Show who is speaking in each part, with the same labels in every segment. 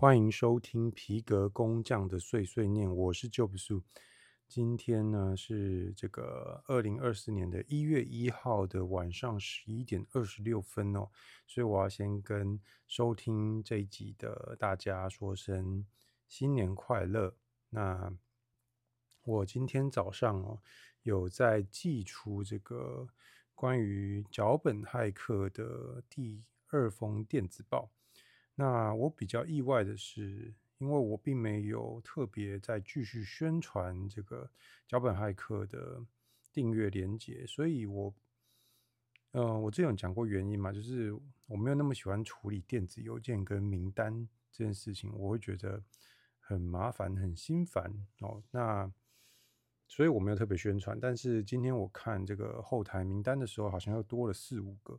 Speaker 1: 歡迎收聽皮革工匠的碎碎念，我是 Job Su。今天呢是這個二零二四年的一月一號的晚上十一點二十六分哦，所以我要先跟收聽這一集的大家說聲新年快樂。那我今天早上哦，有在寄出這個關於腳本駭客的第二封電子報。那我比較意外的是，因為我並沒有特別再繼續宣傳這個腳本駭客的訂閱連結，所以，我，呃，我之前有講過原因嘛，就是我沒有那麼喜歡處理電子郵件跟名單這件事情，我會覺得很麻煩、很心煩哦。那，所以我沒有特別宣傳。但是今天我看這個後台名單的時候，好像又多了四五個，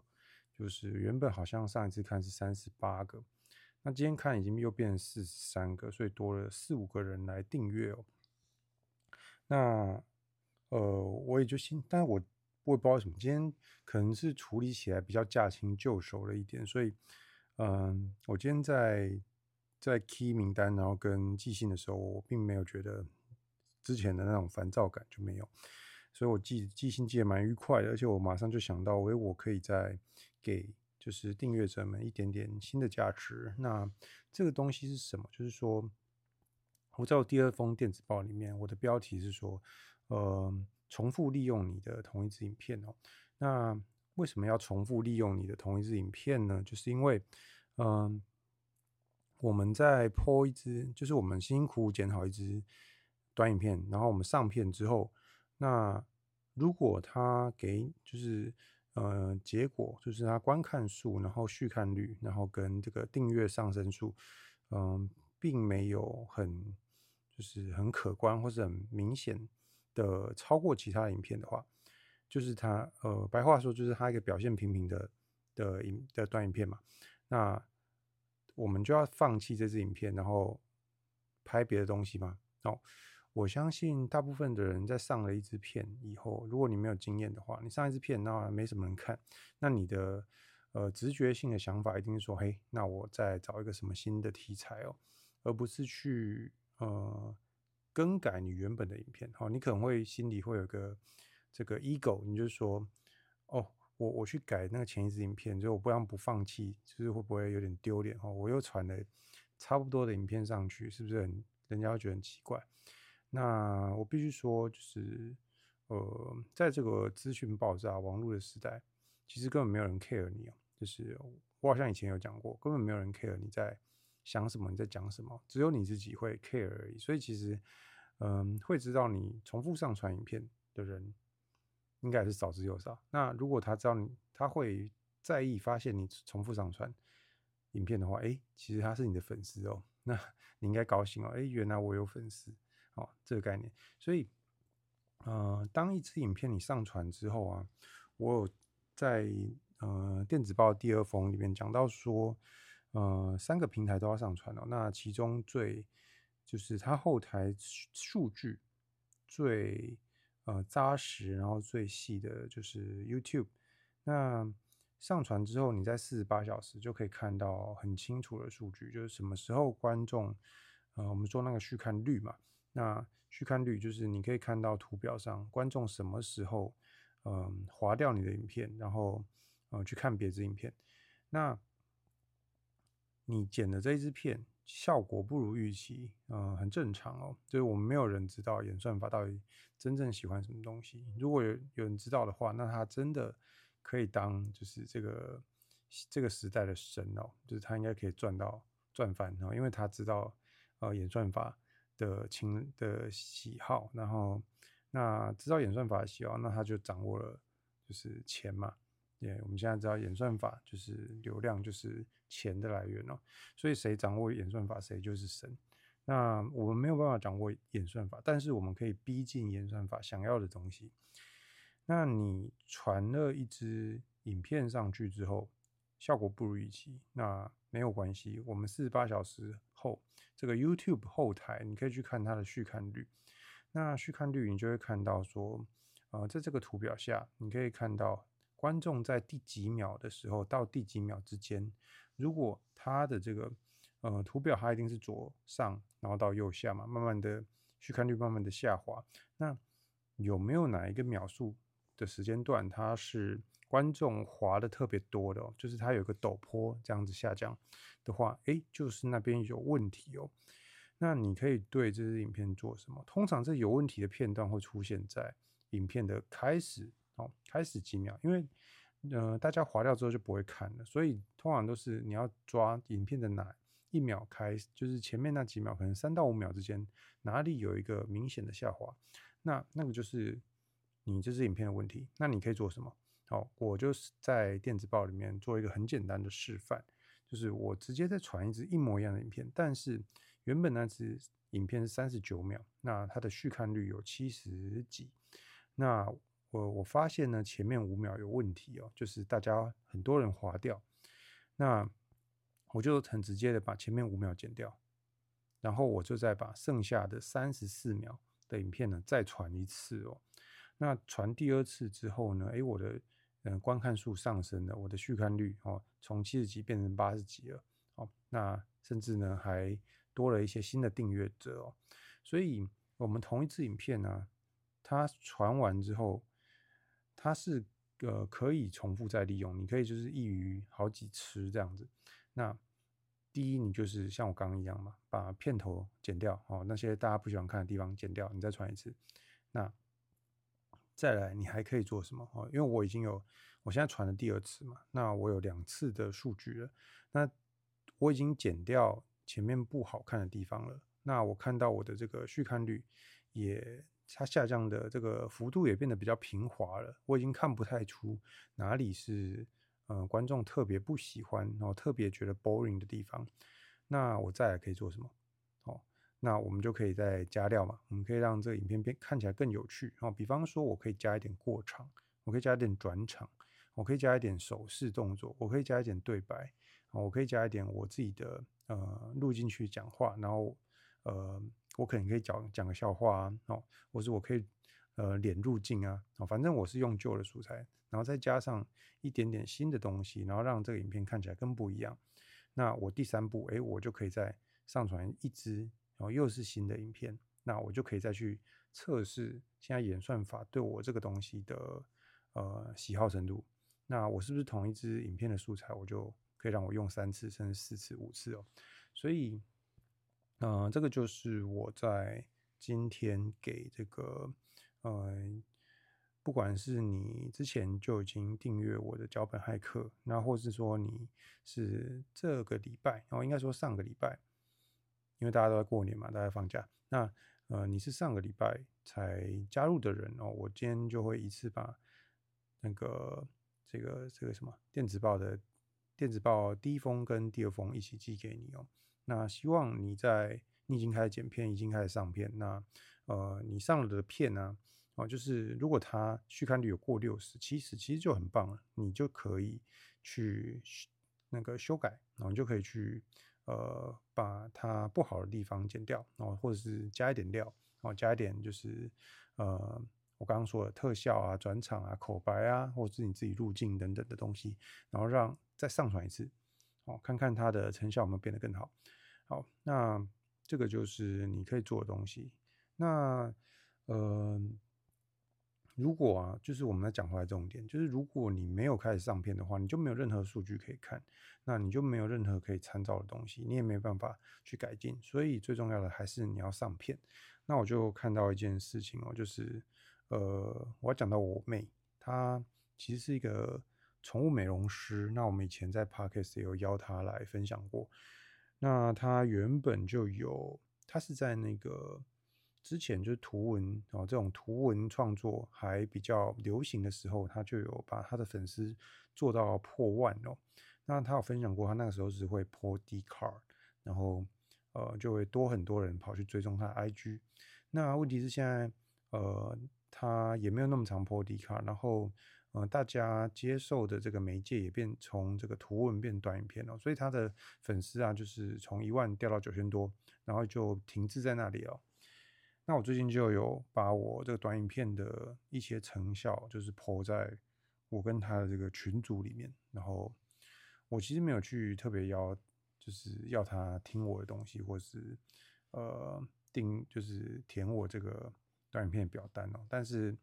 Speaker 1: 就是原本好像上一次看是三十八個。那今天看已經又變四十三個，所以多了四五個人來訂閱哦。那呃，我也就信，但是我我也不知道什麼，今天可能是處理起來比較駕輕就熟了一點，所以嗯、呃，我今天在在 key 名單，然後跟寄信的時候，我並沒有覺得之前的那種煩躁感就沒有，所以我寄寄信寄的蠻愉快的，而且我馬上就想到，誒，我可以再給。就是訂閱者們一點點新的價值。那這個東西是什麼？就是說，我在我第二封電子報裡面，我的標題是說，呃，重複利用你的同一支影片哦、喔。那為什麼要重複利用你的同一支影片呢？就是因為，嗯，我們在播一支，就是我們辛辛苦苦剪好一支短影片，然後我們上片之後，那如果他給就是。呃，結果就是它觀看數，然後續看率，然後跟這個訂閱上升數，嗯、呃，並沒有很就是很可觀或是很明顯的超過其他影片的話，就是它，呃，白話說就是它一個表現平平的的影的短影片嘛，那我們就要放棄這支影片，然後拍別的東西嘛，哦、no。我相信大部分的人在上了一支片以後，如果你沒有經驗的話，你上一支片，那沒什麼人看。那你的呃直覺性的想法一定是說，嘿，那我再找一個什麼新的題材哦，而不是去呃更改你原本的影片哦。你可能會心裡會有個這個 ego，你就說哦，我我去改那個前一支影片，就我不然不放棄，就是會不會有點丟臉哦？我又傳了差不多的影片上去，是不是很人家會覺得很奇怪？那我必須說，就是，呃，在這個資訊爆炸、網絡的時代，其實根本沒有人 care 你哦、喔，就是我好像以前有講過，根本沒有人 care 你在想什麼、你在講什麼，只有你自己會 care 而已。所以其實，嗯，會知道你重複上傳影片的人，應該是少之又少。那如果他知道你，他會在意發現你重複上傳影片的話，誒，其實他是你的粉絲哦。那你應該高興哦。誒，原來我有粉絲。哦，這個概念，所以，呃，當一支影片你上傳之後啊，我有在呃電子報第二封裡面講到說，呃，三個平台都要上傳哦。那其中最就是它後台數據最呃扎實，然後最細的就是 YouTube。那上傳之後，你在四十八小時就可以看到很清楚的數據，就是什麼時候觀眾，呃，我們說那個續看率嘛。那去看率就是你可以看到圖表上觀眾什麼時候，嗯，滑掉你的影片，然後嗯、呃、去看別的影片。那你剪的這一支片效果不如預期，嗯，很正常哦。就是我們沒有人知道演算法到底真正喜歡什麼東西。如果有有人知道的話，那他真的可以當就是這個這個時代的神哦，就是他應該可以賺到賺翻哦，因為他知道呃演算法，的情的喜好，然後那知道演算法的喜好，那他就掌握了就是錢嘛，對，yeah，我們現在知道演算法就是流量就是錢的來源哦，所以誰掌握演算法，誰就是神。那我們沒有辦法掌握演算法，但是我們可以逼近演算法想要的東西。那你傳了一支影片上去之後，效果不如預期，那沒有關係，我們四十八小時。後，這個 YouTube 後台你可以去看它的續看率。那續看率，你就會看到說，呃，在這個圖表下，你可以看到觀眾在第幾秒的時候到第幾秒之間，如果它的這個呃圖表，它一定是左上，然後到右下嘛，慢慢的續看率慢慢的下滑。那有沒有哪一個秒數的時間段，它是？觀眾滑得特別多的。喔，就是它有一個陡坡這樣子下降的話，誒、欸，就是那邊有問題哦、喔。那你可以對這支影片做什麼？通常這有問題的片段會出現在影片的開始哦、喔，開始幾秒，因為嗯、呃，大家滑掉之後就不會看了，所以通常都是你要抓影片的哪一秒開始，就是前面那幾秒，可能三到五秒之間，哪裡有一個明顯的下滑，那那個就是你這支影片的問題。那你可以做什麼？好，我就是在電子報裡面做一個很簡單的示範，就是我直接再傳一支一模一樣的影片，但是原本那支影片是三十九秒，那它的續看率有七十幾，那我我發現呢，前面五秒有問題哦、喔，就是大家很多人滑掉，那我就很直接的把前面五秒剪掉，然後我就再把剩下的三十四秒的影片呢再傳一次哦、喔，那傳第二次之後呢，誒、欸，我的。嗯，觀看數上升了，我的續看率哦，從七十幾變成八十幾了，哦，那甚至呢還多了一些新的訂閱者哦，所以我們同一次影片呢、啊，它傳完之後，它是呃可以重複再利用，你可以就是一魚好幾吃這樣子。那第一，你就是像我剛剛一樣嘛，把片頭剪掉哦，那些大家不喜歡看的地方剪掉，你再傳一次，那。再來，你還可以做什麼？哦，因為我已經有，我現在傳了第二次嘛，那我有兩次的數據了。那我已經剪掉前面不好看的地方了。那我看到我的這個續看率也，它下降的這個幅度也變得比較平滑了。我已經看不太出哪裡是，嗯、呃，觀眾特別不喜歡，然後特別覺得 boring 的地方。那我再來可以做什麼？那我們就可以再加料嘛？我們可以讓這個影片變看起來更有趣哦。比方說，我可以加一點過場，我可以加一點轉場，我可以加一點手勢動作，我可以加一點對白，哦、我可以加一點我自己的呃錄進去講話。然後呃，我可能可以講講個笑話啊，哦，或者我可以呃臉入鏡啊，哦，反正我是用舊的素材，然後再加上一點點新的東西，然後讓這個影片看起來更不一樣。那我第三步，誒、欸，我就可以再上傳一支。然後又是新的影片，那我就可以再去測試現在演算法對我這個東西的呃喜好程度。那我是不是同一支影片的素材，我就可以讓我用三次，甚至四次、五次哦。所以，嗯，這個就是我在今天給這個呃，不管是你之前就已經訂閱我的腳本駭客，那或是說你是這個禮拜，哦，應該說上個禮拜。因為大家都在過年嘛，大家放假。那呃，你是上個禮拜才加入的人哦、喔，我今天就會一次把那個這個這個什麼電子報的電子報第一封跟第二封一起寄給你哦、喔。那希望你在你已經開始剪片，已經開始上片。那呃，你上了的片呢、啊，哦、喔，就是如果它續看率有過六十、七十，其實就很棒了，你就可以去那個修改，然後你就可以去。呃，把它不好的地方剪掉，然後、哦、或者是加一點料，然後、哦、加一點就是，呃，我剛剛說的特效啊、轉場啊、口白啊，或者是你自己入鏡等等的東西，然後讓再上傳一次，哦，看看它的成效有沒有變得更好。好，那這個就是你可以做的東西。那，呃。如果啊，就是我們在講回來重點，就是如果你沒有開始上片的話，你就沒有任何數據可以看，那你就沒有任何可以參照的東西，你也沒有辦法去改進。所以最重要的還是你要上片。那我就看到一件事情哦、喔，就是呃，我要講到我妹，她其實是一個寵物美容師。那我們以前在 Pockets 也有邀她來分享過。那她原本就有，她是在那個。之前就是圖文哦，這種圖文創作還比較流行的時候，他就有把他的粉絲做到破萬哦。那他有分享過，他那個時候是會破 Dcard，然後呃就會多很多人跑去追蹤他的 IG。那問題是現在呃他也沒有那麼常破 Dcard，然後呃大家接受的這個媒介也變從這個圖文變短影片哦，所以他的粉絲啊就是從一萬掉到九千多，然後就停滯在那裡哦。那我最近就有把我這個短影片的一些成效，就是 po 在我跟他的這個群組裡面。然後我其實沒有去特別要，就是要他聽我的東西，或是呃定，就是填我這個短影片表單哦、喔。但是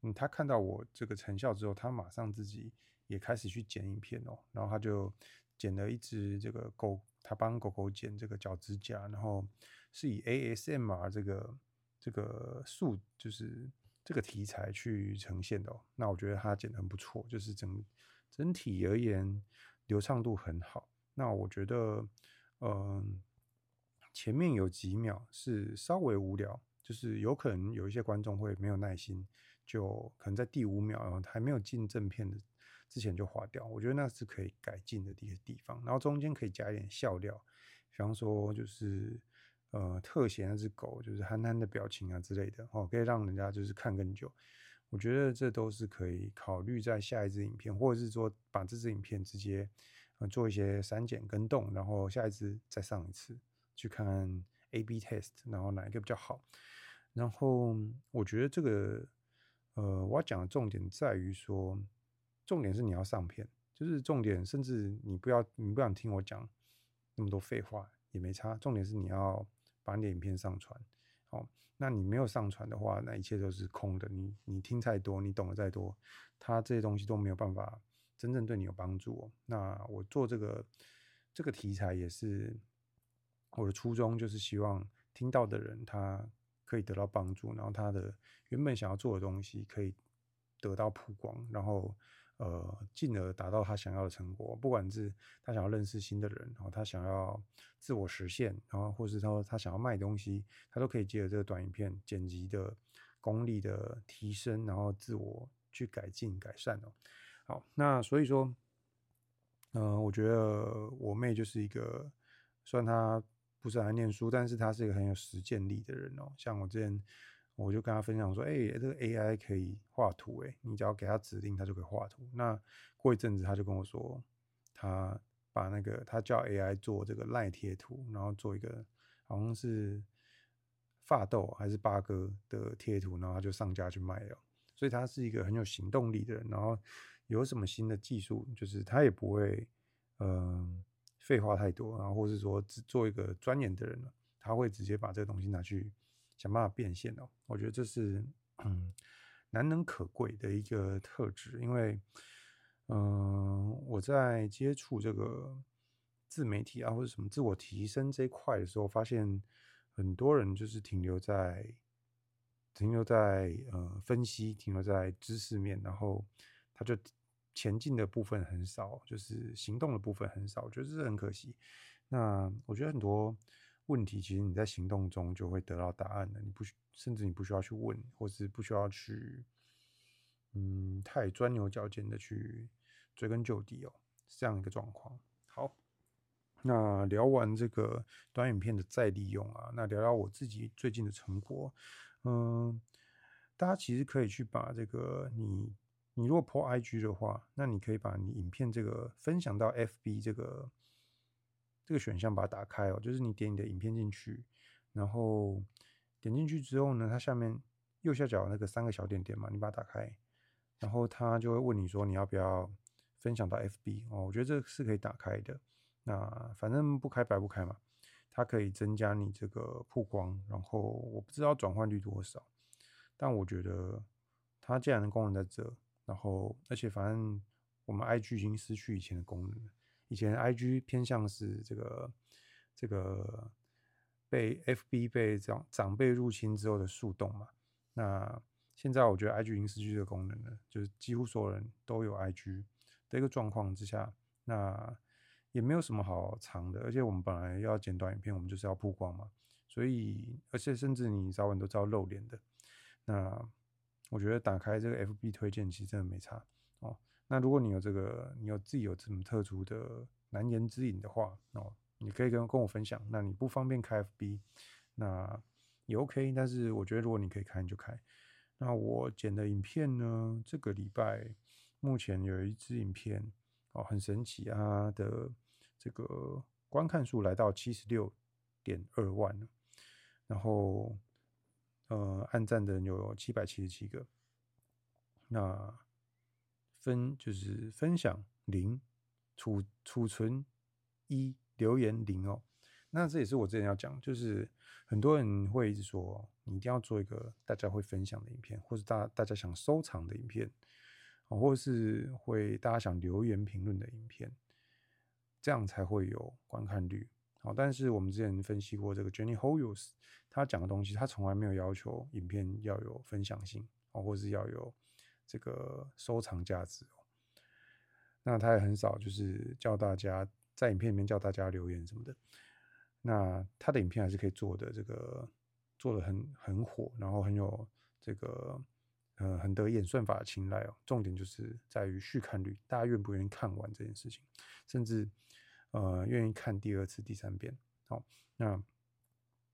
Speaker 1: 嗯，他看到我這個成效之後，他馬上自己也開始去剪影片哦、喔。然後他就剪了一隻這個狗，他幫狗狗剪這個腳趾甲，然後是以 ASMR 這個。這個素就是這個題材去呈現的、喔，那我覺得他剪得很不錯，就是整整體而言流暢度很好。那我覺得，嗯、呃，前面有幾秒是稍微無聊，就是有可能有一些觀眾會沒有耐心，就可能在第五秒還沒有進正片的之前就滑掉。我覺得那是可以改進的一些地方。然後中間可以加一點笑料，比方說就是。呃，特寫那只狗，就是憨憨的表情啊之類的，哦，可以讓人家就是看更久。我覺得這都是可以考慮在下一支影片，或者是說把這支影片直接，呃，做一些刪減跟動，然後下一支再上一次，去看看 A B test，然後哪一個比較好。然後我覺得這個呃，我要講的重點在於說，重點是你要上片，就是重點，甚至你不要，你不想聽我講那麼多廢話也沒差，重點是你要。把你的影片上傳，好，哦，那你沒有上傳的話，那一切都是空的。你你聽再多，你懂得再多，他這些東西都沒有辦法真正對你有幫助，哦。那我做這個這個題材也是我的初衷，就是希望聽到的人他可以得到幫助，然後他的原本想要做的東西可以得到曝光，然後。呃，進而達到他想要的成果，不管是他想要認識新的人，然後他想要自我實現，然後或是他說他想要賣東西，他都可以借着這個短影片剪輯的功力的提升，然後自我去改進改善哦。好，那所以說，嗯、呃，我覺得我妹就是一個，雖然她不是很愛念書，但是她是一個很有實踐力的人哦，像我之前。我就跟他分享說：“哎、欸，這個 AI 可以畫圖，誒，你只要給他指令，他就可以畫圖。”那過一陣子，他就跟我說，他把那個他叫 AI 做這個賴貼圖，然後做一個好像是法鬥還是八哥的貼圖，然後他就上架去賣了。所以他是一個很有行動力的人，然後有什麼新的技術，就是他也不會嗯廢、呃、話太多，然後或是說只做一個鑽研的人了，他會直接把這個東西拿去。想辦法變現哦，我覺得這是嗯難能可貴的一個特質，因為嗯、呃、我在接觸這個自媒體啊或者什麼自我提升這一塊的時候，發現很多人就是停留在停留在呃分析，停留在知識面，然後他就前進的部分很少，就是行動的部分很少，我覺得這是很可惜。那我覺得很多。問題其實你在行動中就會得到答案的，你不需甚至你不需要去問，或是不需要去，嗯，太鑽牛角尖的去追根究底哦，是這樣一個狀況。好，那聊完這個短影片的再利用啊，那聊聊我自己最近的成果。嗯，大家其實可以去把這個你你如果 PO IG 的話，那你可以把你影片這個分享到 FB 這個。這個選項把它打開哦，就是你點你的影片進去，然後點進去之後呢，它下面右下角有那個三個小點點嘛，你把它打開，然後它就會問你說你要不要分享到 FB 哦，我覺得這是可以打開的。那反正不開白不開嘛，它可以增加你這個曝光，然後我不知道轉換率多少，但我覺得它既然功能在這，然後而且反正我們 IG 已經失去以前的功能了。以前 IG 偏向是這個這個被 FB 被長長輩入侵之後的樹洞嘛。那現在我覺得 IG 已經失去這個的功能呢，就是幾乎所有人都有 IG 的一個狀況之下，那也沒有什麼好藏的。而且我們本來要剪短影片，我們就是要曝光嘛，所以而且甚至你早晚都知道露臉的。那我覺得打開這個 FB 推薦，其實真的沒差哦。那如果你有這個，你有自己有這麼特殊的難言之隱的話，哦，你可以跟跟我分享。那你不方便開 FB 那也 OK，但是我覺得如果你可以開你就開。那我剪的影片呢，這個禮拜目前有一支影片，哦，很神奇啊的這個觀看數來到七十六點二萬了。然後，呃，按讚的有七百七十七個。那，分，就是分享零，儲儲存一，留言零哦。那這也是我之前要講，就是很多人會一直說，你一定要做一個大家會分享的影片，或是大家大家想收藏的影片，哦、或是會大家想留言評論的影片，這樣才會有觀看率。好、哦，但是我們之前分析過這個 Jenny Hoyos 他講的東西，他從來沒有要求影片要有分享性哦，或是要有。這個收藏價值哦，那他也很少，就是叫大家在影片裡面叫大家留言什麼的。那他的影片還是可以做的，這個做的很很火，然後很有這個呃很得演算法的青睞哦。重點就是在於續看率，大家願不願意看完這件事情，甚至呃願意看第二次、第三遍。好，那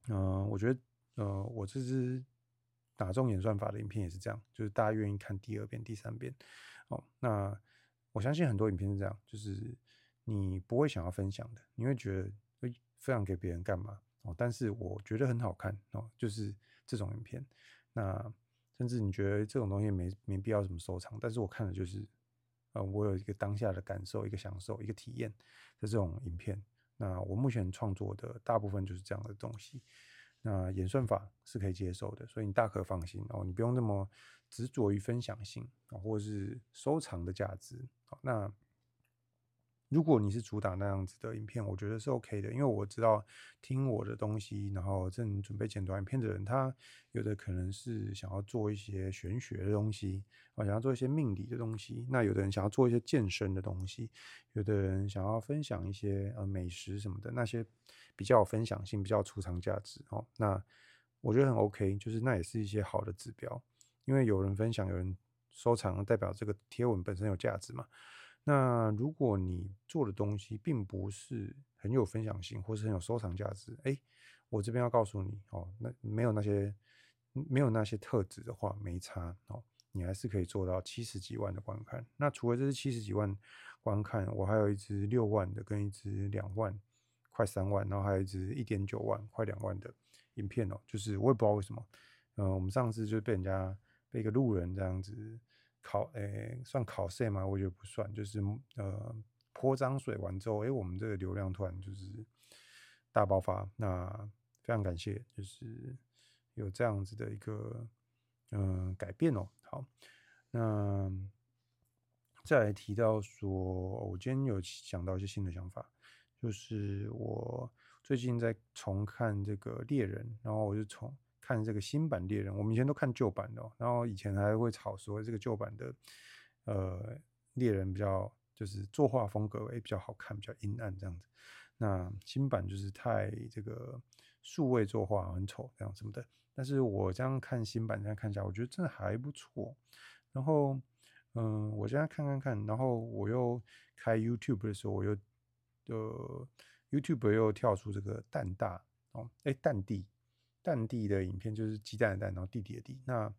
Speaker 1: 呃我覺得呃，我這支。打中演算法的影片也是這樣，就是大家願意看第二遍、第三遍。哦，那我相信很多影片是這樣，就是你不會想要分享的，你會覺得會分享給別人幹嘛？哦，但是我覺得很好看哦，就是這種影片。那甚至你覺得這種東西沒沒必要什麼收藏，但是我看的就是，呃，我有一個當下的感受、一個享受、一個體驗的這種影片。那我目前創作的大部分就是這樣的東西。那演算法是可以接受的，所以你大可放心哦，你不用那麼執着於分享性啊、哦，或者是收藏的價值、哦。那如果你是主打那樣子的影片，我覺得是 OK 的，因為我知道聽我的東西，然後正準備剪短影片的人，他有的可能是想要做一些玄學的東西，啊、哦，想要做一些命理的東西，那有的人想要做一些健身的東西，有的人想要分享一些呃美食什麼的那些。比較有分享性，比較有收藏價值哦、喔。那我覺得很 OK，就是那也是一些好的指標，因為有人分享，有人收藏，代表這個貼文本身有價值嘛。那如果你做的東西並不是很有分享性，或是很有收藏價值，哎、欸，我這邊要告訴你哦、喔，那沒有那些沒有那些特質的話，沒差哦、喔，你還是可以做到七十幾萬的觀看。那除了這是七十幾萬觀看，我還有一支六萬的，跟一支兩萬。快三萬，然後還有一支一點九萬，快兩萬的影片哦、喔，就是我也不知道為什麼，嗯、呃，我們上次就被人家被一個路人這樣子考，誒、欸，算考 C 嗎？我覺得不算，就是呃潑髒水完之後，誒、欸，我們這個流量突然就是大爆發，那非常感謝，就是有這樣子的一個嗯、呃、改變哦、喔。好，那再來提到說，我今天有想到一些新的想法。就是我最近在重看這個獵人，然後我就重看這個新版獵人。我們以前都看舊版的，然後以前還會吵說這個舊版的，呃，獵人比較就是作畫風格誒、欸、比較好看，比較陰暗這樣子。那新版就是太這個數位作畫很醜這樣什麼的。但是我這樣看新版這樣看起來，我覺得真的還不錯。然後，嗯、呃，我這樣看看看，然後我又開 YouTube 的時候，我又。就、呃、YouTube 又跳出這個蛋大哦，誒、喔、欸，蛋弟，蛋弟的影片就是雞蛋的蛋，然後弟弟的弟。那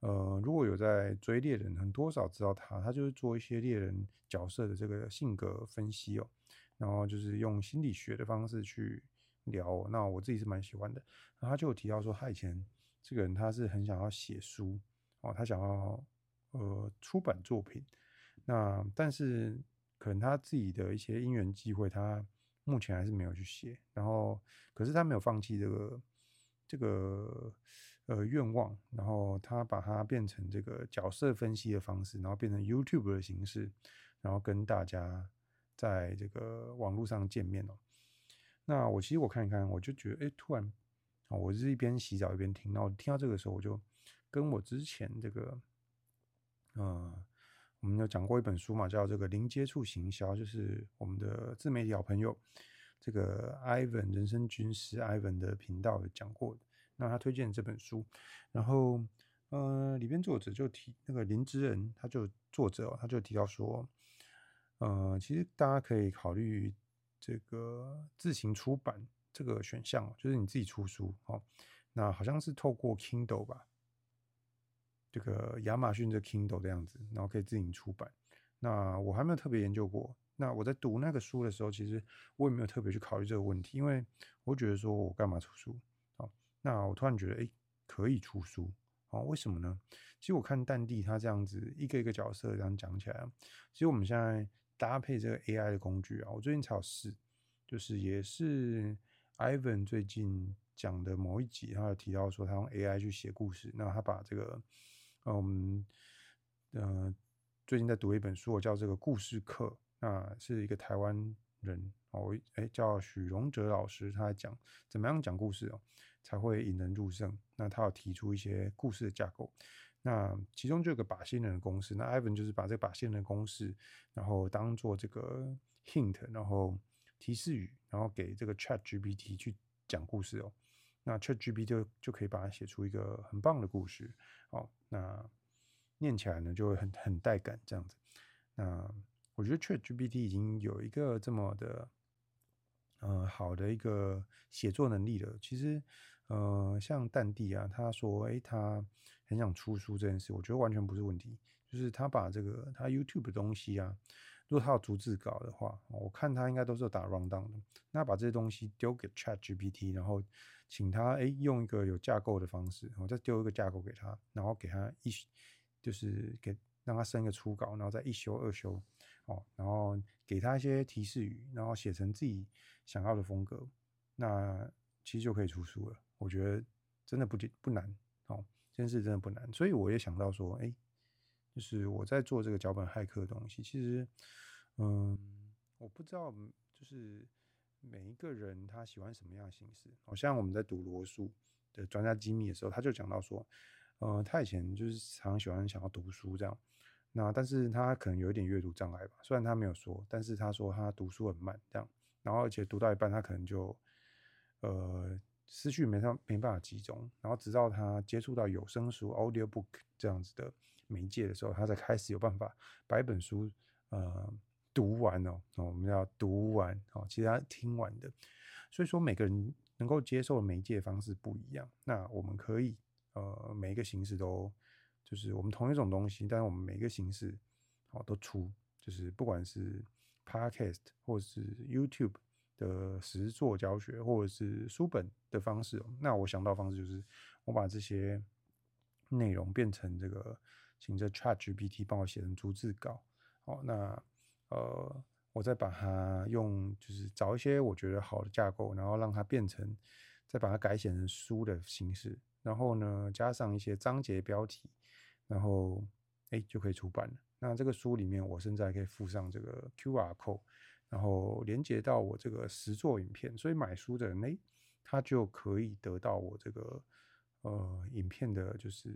Speaker 1: 呃如果有在追獵人，很多少知道他，他就是做一些獵人角色的這個性格分析哦、喔，然後就是用心理學的方式去聊、喔。那我自己是蠻喜歡的。然後他就提到說，他以前這個人他是很想要寫書哦、喔，他想要呃出版作品。那但是。可能他自己的一些因緣機會，他目前還是沒有去寫。然後，可是他沒有放棄這個這個呃願望，然後他把它變成這個角色分析的方式，然後變成 YouTube 的形式，然後跟大家在這個網絡上見面喔。那我其實我看一看，我就覺得，欸，突然我是一邊洗澡一邊聽，那聽到這個時候，我就跟我之前這個，嗯。我們有講過一本書嘛，叫這個零接觸行銷，就是我們的自媒體好朋友這個 Ivan 人生軍師 Ivan 的頻道有講過，那他推薦這本書，然後呃裡邊作者就提那個林之仁，他就作者、喔、他就提到說，呃其實大家可以考慮這個自行出版這個選項、喔，就是你自己出書哦、喔，那好像是透過 Kindle 吧。這個亞馬遜這 Kindle 這樣子，然後可以自行出版。那我還沒有特別研究過。那我在讀那個書的時候，其實我也沒有特別去考慮這個問題，因為我覺得說我幹嘛出書啊？那我突然覺得，哎、欸，可以出書啊？為什麼呢？其實我看淡地他這樣子一個一個角色這樣講起來，其實我們現在搭配這個 AI 的工具啊，我最近才有試，就是也是 Ivan 最近講的某一集，他有提到說他用 AI 去寫故事，那他把這個。嗯、呃，我們嗯最近在讀一本書，我叫這個故事課，那是一個台灣人我、哦、欸、叫許榮哲老師，他在講怎麼樣講故事哦才會引人入勝，那他要提出一些故事的架構，那其中就有個靶心人的公式，那 Ivan 就是把這個靶心人的公式，然後當做這個 hint，然後提示語，然後給這個 ChatGPT 去講故事哦。那 ChatGPT 就就可以把它寫出一個很棒的故事，好，那念起來呢就會很很帶感這樣子。那我覺得 ChatGPT 已經有一個這麼的，嗯、呃，好的一個寫作能力了。其實，嗯、呃，像淡地啊，他說，誒、欸，他很想出書這件事，我覺得完全不是問題。就是他把這個他 YouTube 的東西啊。如果他有逐字稿的話，我看他應該都是有打 rundown 的。那把這些東西丟給 Chat GPT，然後請他誒、欸、用一個有架構的方式，我再丟一個架構給他，然後給他一就是給讓他生一個初稿，然後再一修二修，哦、喔，然後給他一些提示語，然後寫成自己想要的風格，那其實就可以出書了。我覺得真的不不難，哦、喔，真是真的不難，所以我也想到說，誒、欸。就是我在做這個腳本駭客的東西，其實，呃、嗯，我不知道，就是每一個人他喜歡什麼樣的形式。好、哦、像我們在讀羅素的《專家機密》的時候，他就講到說，嗯、呃，他以前就是常常喜歡想要讀書這樣，那但是他可能有一點閱讀障礙吧，雖然他沒有說，但是他說他讀書很慢這樣，然後而且讀到一半他可能就，呃。思緒沒上，沒辦法集中，然後直到他接觸到有聲書 （audiobook） 這樣子的媒介的時候，他才開始有辦法把一本書呃讀完哦。哦，我們要讀完哦，其實他聽完的。所以說，每個人能夠接受的媒介方式不一樣，那我們可以呃每一個形式都就是我們同一種東西，但是我們每一個形式哦都出，就是不管是 podcast 或是 YouTube。呃，實作教學，或者是書本的方式，喔，那我想到的方式就是我把這些內容變成這個，請這 ChatGPT 幫我寫成逐字稿，好，那呃，我再把它用，就是找一些我覺得好的架構，然後讓它變成，再把它改寫成書的形式，然後呢，加上一些章節標題，然後，欸，就可以出版了。那這個書裡面，我現在可以附上這個 QR code。然後連接到我這個實作影片，所以買書的人呢，他就可以得到我這個呃影片的，就是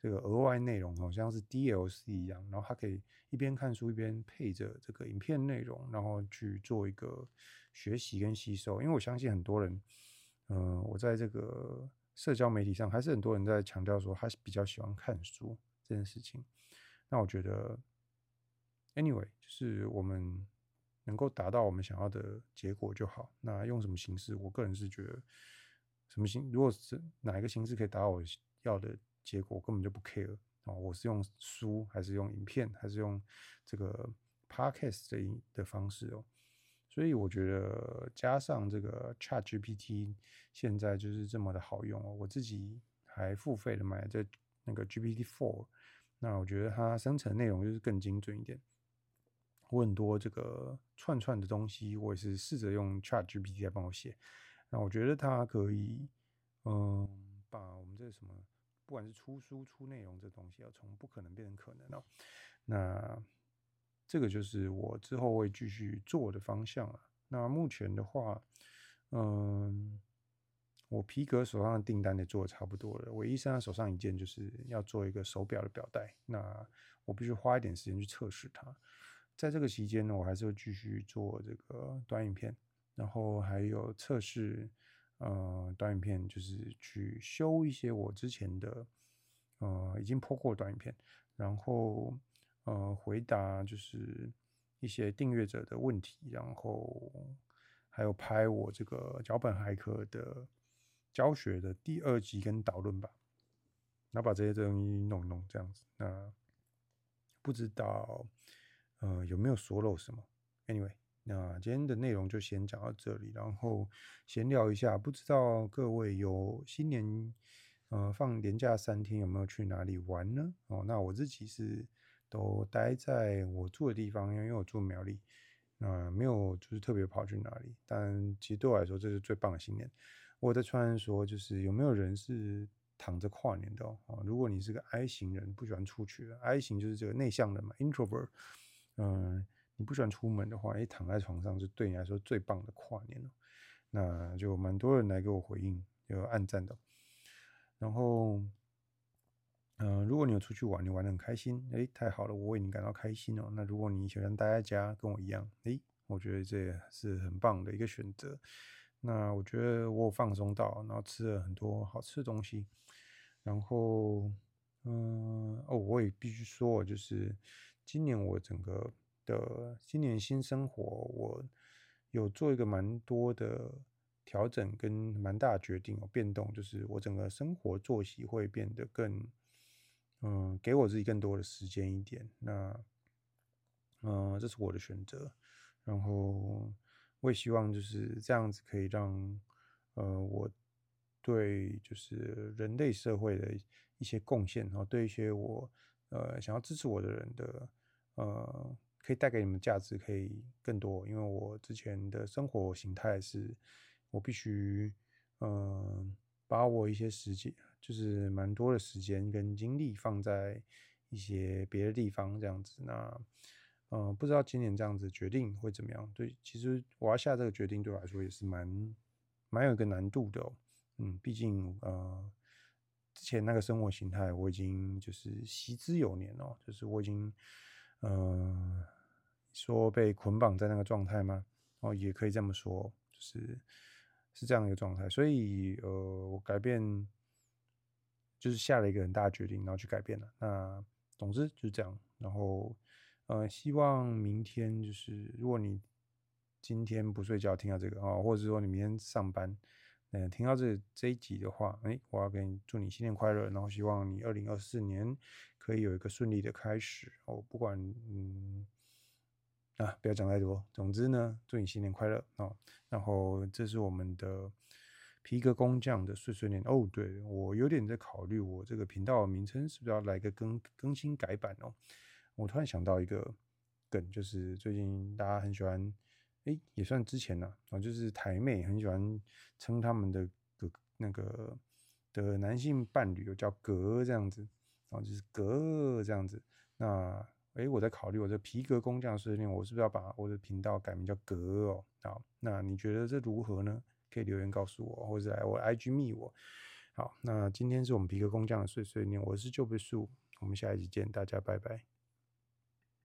Speaker 1: 這個額外內容好像是 DLC 一樣。然後他可以一邊看書一邊配着這個影片內容，然後去做一個學習跟吸收。因為我相信很多人，嗯、呃，我在這個社交媒體上還是很多人在強調說，他是比較喜歡看書這件事情。那我覺得，anyway，就是我們。能夠達到我們想要的結果就好。那用什麼形式？我個人是覺得什麼形，如果是哪一個形式可以達到我要的結果，我根本就不 care 啊，哦。我是用書還是用影片還是用這個 podcast 這的、的方式哦。所以我覺得加上這個 Chat GPT 現在就是這麼的好用哦。我自己還付費的買這那個 GPT Four，那我覺得它生成內容就是更精準一點。問多這個串串的東西，或者是試着用 Chat GPT 來幫我寫，那我覺得它可以，嗯，把我們這什麼，不管是出書、出內容這東西，喔，要從不可能變成可能哦、喔。那這個就是我之後會繼續做的方向了。那目前的話，嗯，我皮革手上的訂單也做的差不多了，唯一剩下手上一件就是要做一個手表的表帶，那我必須花一點時間去測試它。在這個期間呢，我還是要繼續做這個短影片，然後還有測試，呃，短影片就是去修一些我之前的，呃，已經 PO 過的短影片，然後呃，回答就是一些訂閱者的問題，然後還有拍我這個腳本駭客的教學的第二集跟導論吧，然後把這些東西弄一弄這樣子，那不知道。呃，有沒有說漏什麼？Anyway，那今天的內容就先講到這裡，然後閒聊一下，不知道各位有新年，呃，放年假三天有沒有去哪裡玩呢？哦，那我自己是都待在我住的地方，因為我住苗栗，啊、呃，沒有就是特別跑去哪裡。但其實對我來說，這是最棒的新年。我在突然說，就是有沒有人是躺着跨年的哦？如果你是個 I 型人，不喜歡出去的，I 型就是這個內向的嘛，introvert。introvert，嗯，你不喜歡出門的話，誒、欸，躺在床上是對你來說最棒的跨年，喔。那就蠻多人來給我回應，有按讚的，喔。然後，嗯、呃，如果你有出去玩，你玩得很開心，哎、欸，太好了，我為你感到開心哦，喔。那如果你喜歡待在家，跟我一樣，哎、欸，我覺得這也是很棒的一個選擇。那我覺得我有放鬆到，然後吃了很多好吃的東西，然後，嗯，哦，我也必須說，就是。今年我整個的新年新生活，我有做一個蠻多的調整跟蠻大的決定哦，變動就是我整個生活作息會變得更，嗯，給我自己更多的時間一點。那，嗯，呃，這是我的選擇，然後我也希望就是這樣子可以讓，呃，我對就是人類社會的一些貢獻，然後對一些我呃想要支持我的人的。呃，可以帶給你們價值可以更多，因為我之前的生活形態是，我必須，嗯、呃，把我一些時間，就是蠻多的時間跟精力放在一些別的地方，這樣子。那，嗯、呃，不知道今年這樣子決定會怎麼樣。對，其實我要下這個決定，對我來說也是蠻，蠻有一個難度的、喔。嗯，畢竟，呃，之前那個生活形態我已經就是習之有年了、喔，就是我已經。嗯、呃，說被捆綁在那個狀態嗎？哦，也可以這麼說，就是是這樣一個狀態。所以，呃，我改變就是下了一個很大的決定，然後去改變了。那總之就是這樣。然後，嗯、呃，希望明天就是，如果你今天不睡覺聽到這個啊、哦，或者是說你明天上班。嗯，聽到這這一集的話，哎、欸，我要跟祝你新年快樂，然後希望你二零二四年可以有一個順利的開始哦。不管嗯啊，不要講太多，總之呢，祝你新年快樂啊、哦。然後，這是我們的皮革工匠的碎碎念哦。對，我有點在考慮，我這個頻道名稱是不是要來個更更新改版哦？我突然想到一個梗，就是最近大家很喜歡。哎、欸，也算之前呢、啊，啊、哦，就是台妹很喜歡稱他們的那個的男性伴侶，叫哥這樣子，啊、哦，就是哥這樣子。那哎、欸，我在考慮我的皮革工匠碎碎念，我是不是要把我的頻道改名叫哥哦？好，那你覺得這如何呢？可以留言告訴我，或者來我 IG 密我。好，那今天是我們皮革工匠的碎碎念，我是 Job Su，我們下一集見，大家拜拜。